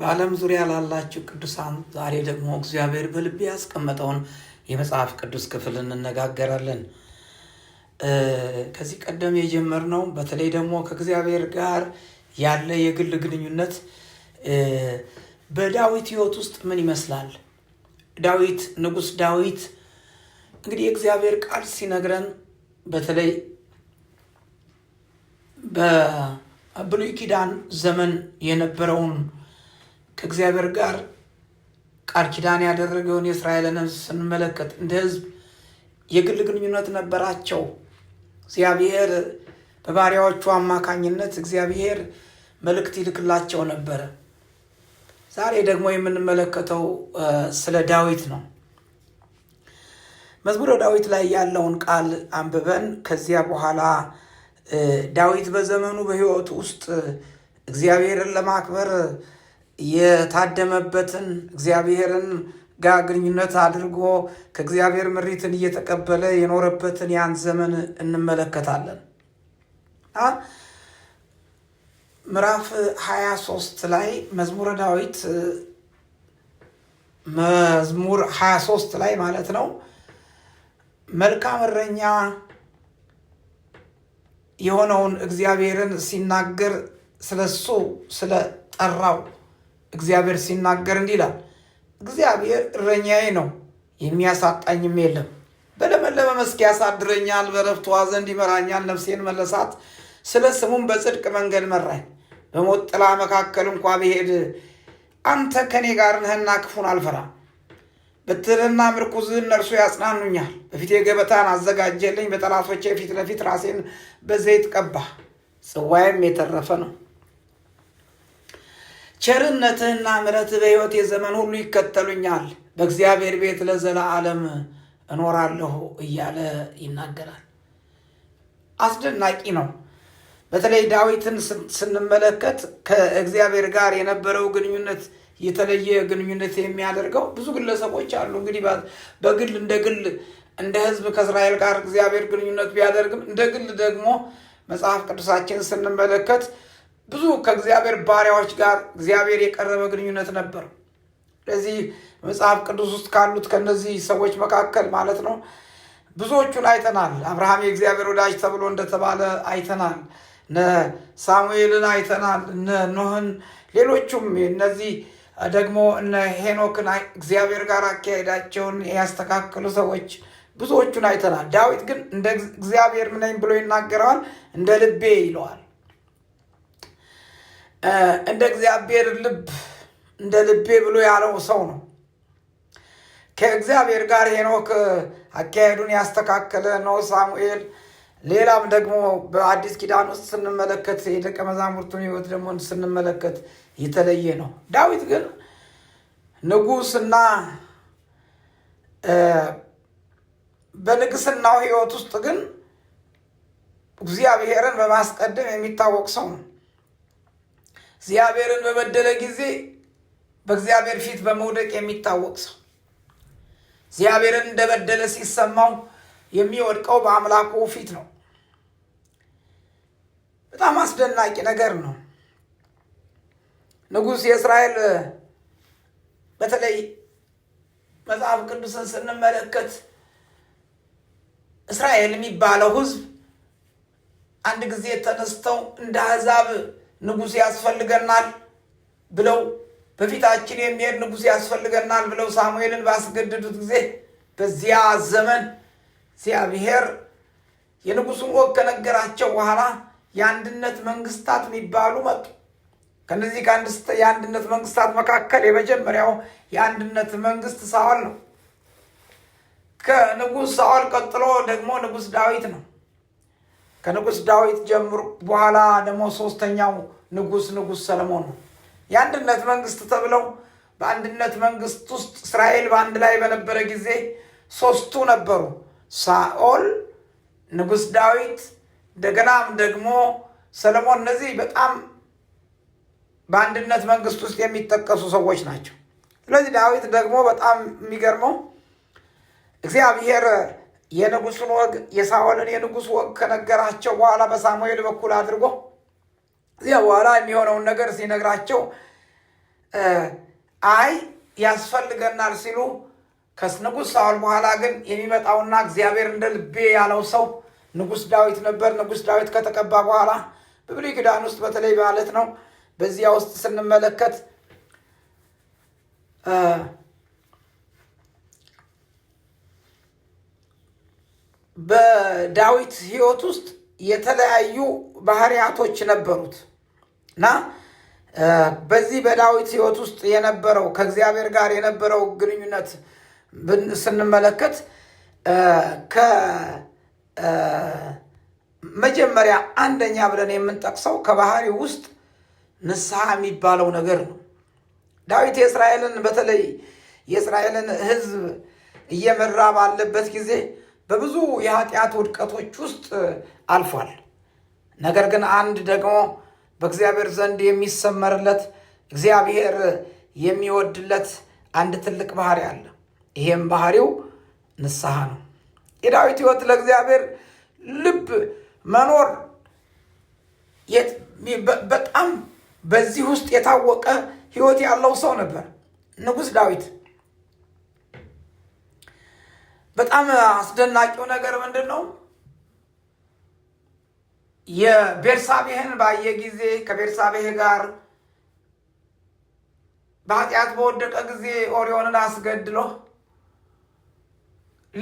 በዓለም ዙሪያ ላላችሁ ቅዱሳን ዛሬ ደግሞ እግዚአብሔር በልቤ ያስቀመጠውን የመጽሐፍ ቅዱስ ክፍል እንነጋገራለን። ከዚህ ቀደም የጀመርነው በተለይ ደግሞ ከእግዚአብሔር ጋር ያለ የግል ግንኙነት በዳዊት ሕይወት ውስጥ ምን ይመስላል? ዳዊት ንጉሥ ዳዊት እንግዲህ የእግዚአብሔር ቃል ሲነግረን በተለይ በብሉይ ኪዳን ዘመን የነበረውን ከእግዚአብሔር ጋር ቃል ኪዳን ያደረገውን የእስራኤልን ሕዝብ ስንመለከት እንደ ሕዝብ የግል ግንኙነት ነበራቸው። እግዚአብሔር በባሪያዎቹ አማካኝነት እግዚአብሔር መልእክት ይልክላቸው ነበረ። ዛሬ ደግሞ የምንመለከተው ስለ ዳዊት ነው። መዝሙረ ዳዊት ላይ ያለውን ቃል አንብበን ከዚያ በኋላ ዳዊት በዘመኑ በሕይወቱ ውስጥ እግዚአብሔርን ለማክበር የታደመበትን እግዚአብሔርን ጋር ግንኙነት አድርጎ ከእግዚአብሔር ምሪትን እየተቀበለ የኖረበትን ያን ዘመን እንመለከታለን። ምዕራፍ 23 ላይ መዝሙረ ዳዊት መዝሙር 23 ላይ ማለት ነው። መልካም እረኛ የሆነውን እግዚአብሔርን ሲናገር ስለሱ ስለጠራው እግዚአብሔር ሲናገር እንዲህ ይላል፣ እግዚአብሔር እረኛዬ ነው የሚያሳጣኝም የለም። በለመለመ መስክ ያሳድረኛል፣ በዕረፍት ዘንድ ይመራኛል። ነፍሴን መለሳት፣ ስለ ስሙም በጽድቅ መንገድ መራኝ። በሞት ጥላ መካከል እንኳ ብሄድ አንተ ከእኔ ጋር ነህና ክፉን አልፈራም። በትርህና ምርኩዝ እነርሱ ያጽናኑኛል። በፊቴ ገበታን አዘጋጀልኝ፣ በጠላቶቼ ፊት ለፊት ራሴን በዘይት ቀባ ጽዋዬም የተረፈ ነው። ቸርነትህና ምሕረትህ በህይወት የዘመን ሁሉ ይከተሉኛል፣ በእግዚአብሔር ቤት ለዘላለም እኖራለሁ እያለ ይናገራል። አስደናቂ ነው። በተለይ ዳዊትን ስንመለከት ከእግዚአብሔር ጋር የነበረው ግንኙነት የተለየ ግንኙነት የሚያደርገው ብዙ ግለሰቦች አሉ። እንግዲህ በግል እንደ ግል እንደ ሕዝብ ከእስራኤል ጋር እግዚአብሔር ግንኙነት ቢያደርግም እንደ ግል ደግሞ መጽሐፍ ቅዱሳችን ስንመለከት ብዙ ከእግዚአብሔር ባሪያዎች ጋር እግዚአብሔር የቀረበ ግንኙነት ነበር። ስለዚህ መጽሐፍ ቅዱስ ውስጥ ካሉት ከነዚህ ሰዎች መካከል ማለት ነው ብዙዎቹን አይተናል። አብርሃም የእግዚአብሔር ወዳጅ ተብሎ እንደተባለ አይተናል። ሳሙኤልን አይተናል። እነ ኖህን፣ ሌሎቹም እነዚህ ደግሞ እነ ሄኖክን እግዚአብሔር ጋር አካሄዳቸውን ያስተካከሉ ሰዎች ብዙዎቹን አይተናል። ዳዊት ግን እንደ እግዚአብሔር ምነኝ ብሎ ይናገረዋል፣ እንደ ልቤ ይለዋል። እንደ እግዚአብሔር ልብ እንደ ልቤ ብሎ ያለው ሰው ነው። ከእግዚአብሔር ጋር ሄኖክ አካሄዱን ያስተካከለ ነው ሳሙኤል። ሌላም ደግሞ በአዲስ ኪዳን ውስጥ ስንመለከት የደቀ መዛሙርቱን ህይወት ደግሞ ስንመለከት የተለየ ነው። ዳዊት ግን ንጉስና በንግስናው ህይወት ውስጥ ግን እግዚአብሔርን በማስቀደም የሚታወቅ ሰው ነው። እግዚአብሔርን በበደለ ጊዜ በእግዚአብሔር ፊት በመውደቅ የሚታወቅ ሰው እግዚአብሔርን እንደበደለ ሲሰማው የሚወድቀው በአምላኩ ፊት ነው። በጣም አስደናቂ ነገር ነው። ንጉሥ የእስራኤል በተለይ መጽሐፍ ቅዱስን ስንመለከት እስራኤል የሚባለው ሕዝብ አንድ ጊዜ ተነስተው እንደ አሕዛብ ንጉሥ ያስፈልገናል ብለው በፊታችን የሚሄድ ንጉሥ ያስፈልገናል ብለው ሳሙኤልን ባስገደዱት ጊዜ በዚያ ዘመን እግዚአብሔር የንጉሱን ወግ ከነገራቸው በኋላ የአንድነት መንግስታት የሚባሉ መጡ። ከነዚህ የአንድነት መንግስታት መካከል የመጀመሪያው የአንድነት መንግስት ሳዋል ነው። ከንጉስ ሳዋል ቀጥሎ ደግሞ ንጉስ ዳዊት ነው። ከንጉስ ዳዊት ጀምሮ በኋላ ደግሞ ሶስተኛው ንጉስ ንጉስ ሰለሞን ነው። የአንድነት መንግስት ተብለው በአንድነት መንግስት ውስጥ እስራኤል በአንድ ላይ በነበረ ጊዜ ሶስቱ ነበሩ። ሳኦል፣ ንጉስ ዳዊት፣ እንደገናም ደግሞ ሰለሞን። እነዚህ በጣም በአንድነት መንግስት ውስጥ የሚጠቀሱ ሰዎች ናቸው። ስለዚህ ዳዊት ደግሞ በጣም የሚገርመው እግዚአብሔር የንጉሱን ወግ የሳኦልን የንጉስ ወግ ከነገራቸው በኋላ በሳሙኤል በኩል አድርጎ እዚያ በኋላ የሚሆነውን ነገር ሲነግራቸው አይ ያስፈልገናል ሲሉ ከንጉሥ ሳውል በኋላ ግን የሚመጣውና እግዚአብሔር እንደ ልቤ ያለው ሰው ንጉሥ ዳዊት ነበር። ንጉሥ ዳዊት ከተቀባ በኋላ በብሉይ ኪዳን ውስጥ በተለይ ማለት ነው። በዚያ ውስጥ ስንመለከት በዳዊት ሕይወት ውስጥ የተለያዩ ባህሪያቶች ነበሩት እና በዚህ በዳዊት ህይወት ውስጥ የነበረው ከእግዚአብሔር ጋር የነበረው ግንኙነት ስንመለከት ከመጀመሪያ አንደኛ ብለን የምንጠቅሰው ከባህሪ ውስጥ ንስሐ የሚባለው ነገር ነው። ዳዊት የእስራኤልን በተለይ የእስራኤልን ህዝብ እየመራ ባለበት ጊዜ በብዙ የኃጢአት ውድቀቶች ውስጥ አልፏል። ነገር ግን አንድ ደግሞ በእግዚአብሔር ዘንድ የሚሰመርለት እግዚአብሔር የሚወድለት አንድ ትልቅ ባህሪ አለ። ይሄም ባህሪው ንስሐ ነው። የዳዊት ሕይወት ለእግዚአብሔር ልብ መኖር በጣም በዚህ ውስጥ የታወቀ ሕይወት ያለው ሰው ነበር ንጉሥ ዳዊት። በጣም አስደናቂው ነገር ምንድን ነው? የቤርሳቤህን ባየ ጊዜ ከቤርሳቤህ ጋር በኃጢአት በወደቀ ጊዜ ኦሪዮንን አስገድሎ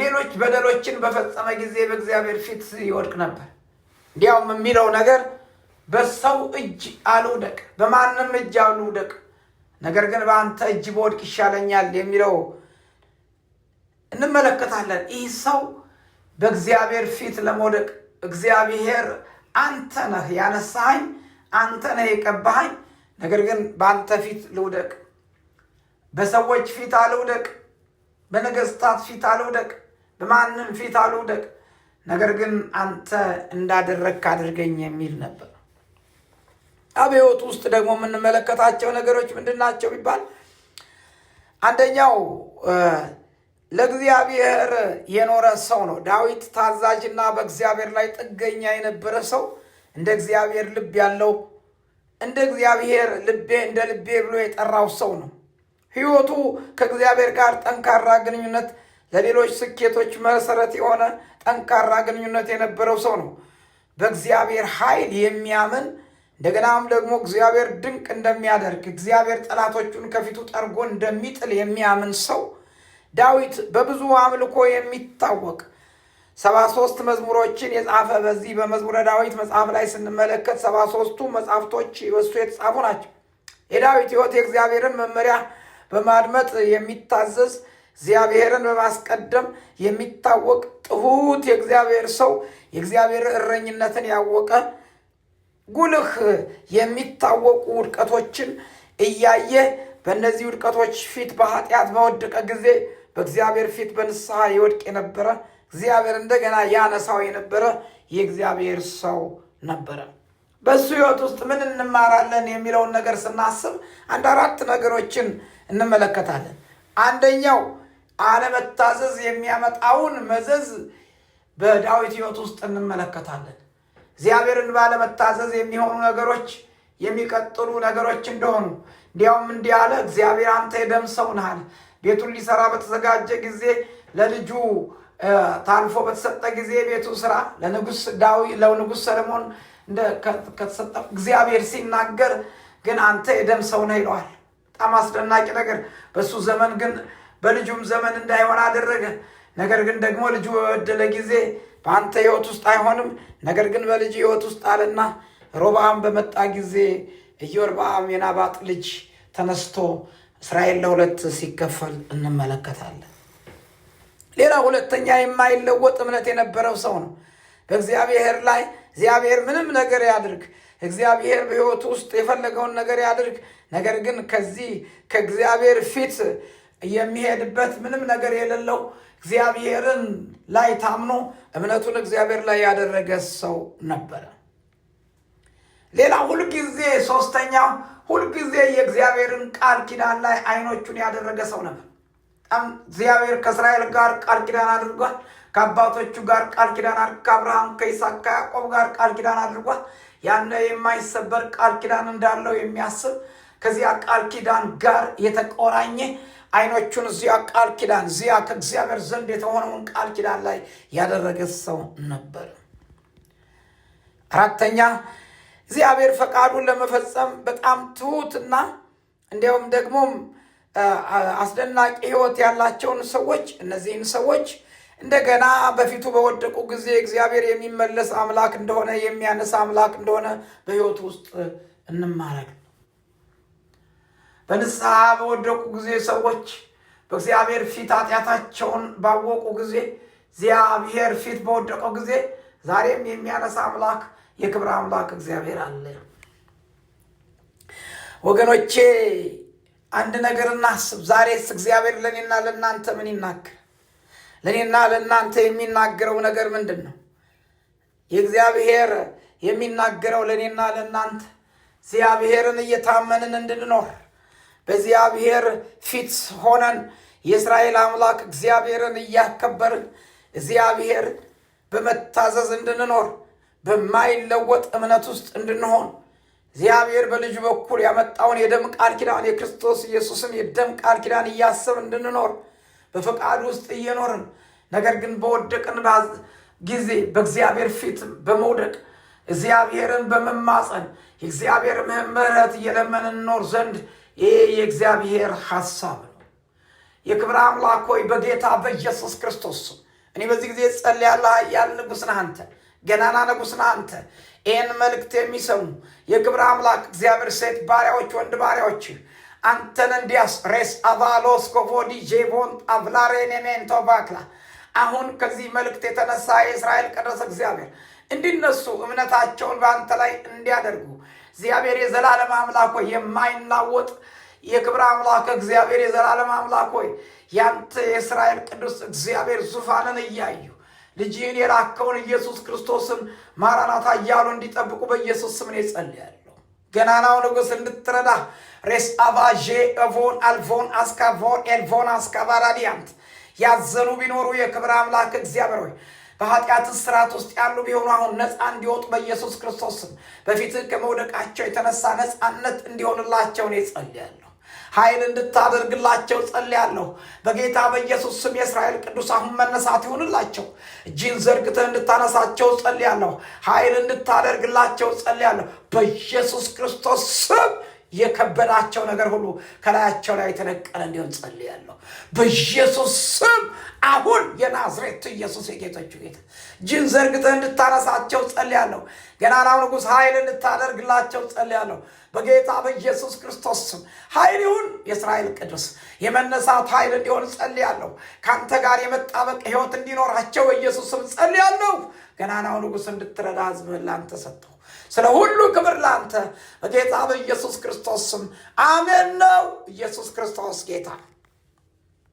ሌሎች በደሎችን በፈጸመ ጊዜ በእግዚአብሔር ፊት ይወድቅ ነበር። እንዲያውም የሚለው ነገር በሰው እጅ አልውደቅ፣ በማንም እጅ አልውደቅ፣ ነገር ግን በአንተ እጅ በወድቅ ይሻለኛል የሚለው እንመለከታለን። ይህ ሰው በእግዚአብሔር ፊት ለመውደቅ እግዚአብሔር አንተ ነህ ያነሳኸኝ፣ አንተ ነህ የቀባኸኝ፣ ነገር ግን በአንተ ፊት ልውደቅ፣ በሰዎች ፊት አልውደቅ፣ በነገስታት ፊት አልውደቅ፣ በማንም ፊት አልውደቅ፣ ነገር ግን አንተ እንዳደረግክ አድርገኝ የሚል ነበር። አብዮት ውስጥ ደግሞ የምንመለከታቸው ነገሮች ምንድን ናቸው ቢባል አንደኛው ለእግዚአብሔር የኖረ ሰው ነው። ዳዊት ታዛዥና በእግዚአብሔር ላይ ጥገኛ የነበረ ሰው እንደ እግዚአብሔር ልብ ያለው እንደ እግዚአብሔር ልቤ እንደ ልቤ ብሎ የጠራው ሰው ነው። ሕይወቱ ከእግዚአብሔር ጋር ጠንካራ ግንኙነት፣ ለሌሎች ስኬቶች መሰረት የሆነ ጠንካራ ግንኙነት የነበረው ሰው ነው። በእግዚአብሔር ኃይል የሚያምን እንደገናም ደግሞ እግዚአብሔር ድንቅ እንደሚያደርግ፣ እግዚአብሔር ጠላቶቹን ከፊቱ ጠርጎ እንደሚጥል የሚያምን ሰው ዳዊት በብዙ አምልኮ የሚታወቅ ሰባ ሶስት መዝሙሮችን የጻፈ በዚህ በመዝሙረ ዳዊት መጽሐፍ ላይ ስንመለከት ሰባ ሶስቱ መጽሐፍቶች በሱ የተጻፉ ናቸው። የዳዊት ሕይወት የእግዚአብሔርን መመሪያ በማድመጥ የሚታዘዝ እግዚአብሔርን በማስቀደም የሚታወቅ ጥሁት የእግዚአብሔር ሰው የእግዚአብሔር እረኝነትን ያወቀ ጉልህ የሚታወቁ ውድቀቶችን እያየ በእነዚህ ውድቀቶች ፊት በኃጢአት በወደቀ ጊዜ በእግዚአብሔር ፊት በንስሐ ይወድቅ የነበረ እግዚአብሔር እንደገና ያነሳው የነበረ የእግዚአብሔር ሰው ነበረ። በሱ ህይወት ውስጥ ምን እንማራለን የሚለውን ነገር ስናስብ አንድ አራት ነገሮችን እንመለከታለን። አንደኛው አለመታዘዝ የሚያመጣውን መዘዝ በዳዊት ህይወት ውስጥ እንመለከታለን። እግዚአብሔርን ባለመታዘዝ የሚሆኑ ነገሮች የሚቀጥሉ ነገሮች እንደሆኑ እንዲያውም እንዲህ አለ፣ እግዚአብሔር አንተ የደም ሰው ነሃል ቤቱን ሊሰራ በተዘጋጀ ጊዜ ለልጁ ታልፎ በተሰጠ ጊዜ ቤቱ ስራ ለንጉስ ዳዊ ለንጉስ ሰለሞን ከተሰጠ እግዚአብሔር ሲናገር ግን አንተ የደም ሰው ነህ ይለዋል። በጣም አስደናቂ ነገር። በሱ ዘመን ግን በልጁም ዘመን እንዳይሆን አደረገ። ነገር ግን ደግሞ ልጁ በበደለ ጊዜ በአንተ ህይወት ውስጥ አይሆንም፣ ነገር ግን በልጅ ህይወት ውስጥ አለና ሮብዓም በመጣ ጊዜ ኢዮርብዓም የናባጥ ልጅ ተነስቶ እስራኤል ለሁለት ሲከፈል እንመለከታለን። ሌላ ሁለተኛ የማይለወጥ እምነት የነበረው ሰው ነው በእግዚአብሔር ላይ። እግዚአብሔር ምንም ነገር ያድርግ፣ እግዚአብሔር በሕይወቱ ውስጥ የፈለገውን ነገር ያድርግ፣ ነገር ግን ከዚህ ከእግዚአብሔር ፊት የሚሄድበት ምንም ነገር የሌለው እግዚአብሔርን ላይ ታምኖ እምነቱን እግዚአብሔር ላይ ያደረገ ሰው ነበረ። ሌላ ሁልጊዜ ሶስተኛው ሁልጊዜ የእግዚአብሔርን ቃል ኪዳን ላይ አይኖቹን ያደረገ ሰው ነበር። በጣም እግዚአብሔር ከእስራኤል ጋር ቃል ኪዳን አድርጓል። ከአባቶቹ ጋር ቃል ኪዳን ከአብርሃም፣ ከይስሐቅ፣ ከያዕቆብ ጋር ቃል ኪዳን አድርጓል። ያነ የማይሰበር ቃል ኪዳን እንዳለው የሚያስብ ከዚያ ቃል ኪዳን ጋር የተቆራኘ አይኖቹን እዚያ ቃል ኪዳን እዚያ ከእግዚአብሔር ዘንድ የተሆነውን ቃል ኪዳን ላይ ያደረገ ሰው ነበር። አራተኛ እግዚአብሔር ፈቃዱን ለመፈጸም በጣም ትሁትና እንዲያውም ደግሞም አስደናቂ ህይወት ያላቸውን ሰዎች እነዚህን ሰዎች እንደገና በፊቱ በወደቁ ጊዜ እግዚአብሔር የሚመለስ አምላክ እንደሆነ የሚያነሳ አምላክ እንደሆነ በህይወቱ ውስጥ እንማረግ። በንስሐ በወደቁ ጊዜ ሰዎች በእግዚአብሔር ፊት ኃጢአታቸውን ባወቁ ጊዜ እግዚአብሔር ፊት በወደቀው ጊዜ ዛሬም የሚያነሳ አምላክ የክብር አምላክ እግዚአብሔር አለ። ወገኖቼ አንድ ነገር እናስብ። ዛሬስ እግዚአብሔር ለእኔና ለእናንተ ምን ይናገር? ለእኔና ለእናንተ የሚናገረው ነገር ምንድን ነው? የእግዚአብሔር የሚናገረው ለእኔና ለእናንተ እግዚአብሔርን እየታመንን እንድንኖር በእግዚአብሔር ፊት ሆነን የእስራኤል አምላክ እግዚአብሔርን እያከበርን እግዚአብሔር በመታዘዝ እንድንኖር በማይለወጥ እምነት ውስጥ እንድንሆን እግዚአብሔር በልጁ በኩል ያመጣውን የደም ቃል ኪዳን የክርስቶስ ኢየሱስን የደም ቃል ኪዳን እያሰብ እንድንኖር በፈቃድ ውስጥ እየኖርን ነገር ግን በወደቅን ጊዜ በእግዚአብሔር ፊት በመውደቅ እግዚአብሔርን በመማፀን የእግዚአብሔር ምሕረት እየለመንን እንኖር ዘንድ ይህ የእግዚአብሔር ሐሳብ ነው። የክብር አምላክ ሆይ በጌታ በኢየሱስ ክርስቶስ እኔ በዚህ ጊዜ ጸልያለሁ። ኃያል ንጉሥ ነህ አንተ ገናና ንጉሥ ነህ አንተ። ይህን መልእክት የሚሰሙ የግብረ አምላክ እግዚአብሔር ሴት ባሪያዎች፣ ወንድ ባሪያዎች አንተን እንዲያስ ሬስ አቫሎስ ኮቮዲ ጄቮን አቭላሬኔሜንቶ ባክላ አሁን ከዚህ መልእክት የተነሳ የእስራኤል ቅዱስ እግዚአብሔር እንዲነሱ እምነታቸውን በአንተ ላይ እንዲያደርጉ እግዚአብሔር የዘላለም አምላክ ሆይ የማይናወጥ የክብር አምላክ እግዚአብሔር የዘላለም አምላክ ሆይ ያንተ የእስራኤል ቅዱስ እግዚአብሔር ዙፋንን እያዩ ልጅህን የላከውን ኢየሱስ ክርስቶስን ማራናታ እያሉ እንዲጠብቁ በኢየሱስ ስም እኔ ጸልያለሁ። ገናናው ንጉሥ እንድትረዳ ሬስ አቫዤ እቮን አልቮን አስካቮን ኤልቮን አስካቫራዲያንት ያዘኑ ቢኖሩ የክብር አምላክ እግዚአብሔር ሆይ በኃጢአት ስርዓት ውስጥ ያሉ ቢሆኑ አሁን ነፃ እንዲወጡ በኢየሱስ ክርስቶስ ስም በፊትህ ከመውደቃቸው የተነሳ ነፃነት እንዲሆንላቸው እኔ ጸልያለሁ። ኃይል እንድታደርግላቸው ጸልያለሁ። በጌታ በኢየሱስ ስም የእስራኤል አሁን መነሳት ይሁንላቸው። እጅን ዘርግተህ እንድታነሳቸው ጸልያለሁ። ኃይል እንድታደርግላቸው ጸልያለሁ በኢየሱስ ክርስቶስ ስም የከበዳቸው ነገር ሁሉ ከላያቸው ላይ የተነቀለ እንዲሆን ጸልያለሁ። በኢየሱስ ስም አሁን የናዝሬቱ ኢየሱስ የጌቶቹ ጌታ እጅን ዘርግተህ እንድታነሳቸው ጸልያለሁ። ገናናው ንጉሥ ኃይል እንድታደርግላቸው ጸልያለሁ። በጌታ በኢየሱስ ክርስቶስ ስም ኃይል ይሁን። የእስራኤል ቅዱስ የመነሳት ኃይል እንዲሆን ጸልያለሁ። ከአንተ ጋር የመጣበቅ ሕይወት እንዲኖራቸው በኢየሱስ ስም ጸልያለሁ። ገናናው ንጉሥ እንድትረዳ ህዝብህን ለአንተ ሰጠው። ስለ ሁሉ ክብር ላንተ በጌታ በኢየሱስ ክርስቶስ ስም አሜን። ነው ኢየሱስ ክርስቶስ ጌታ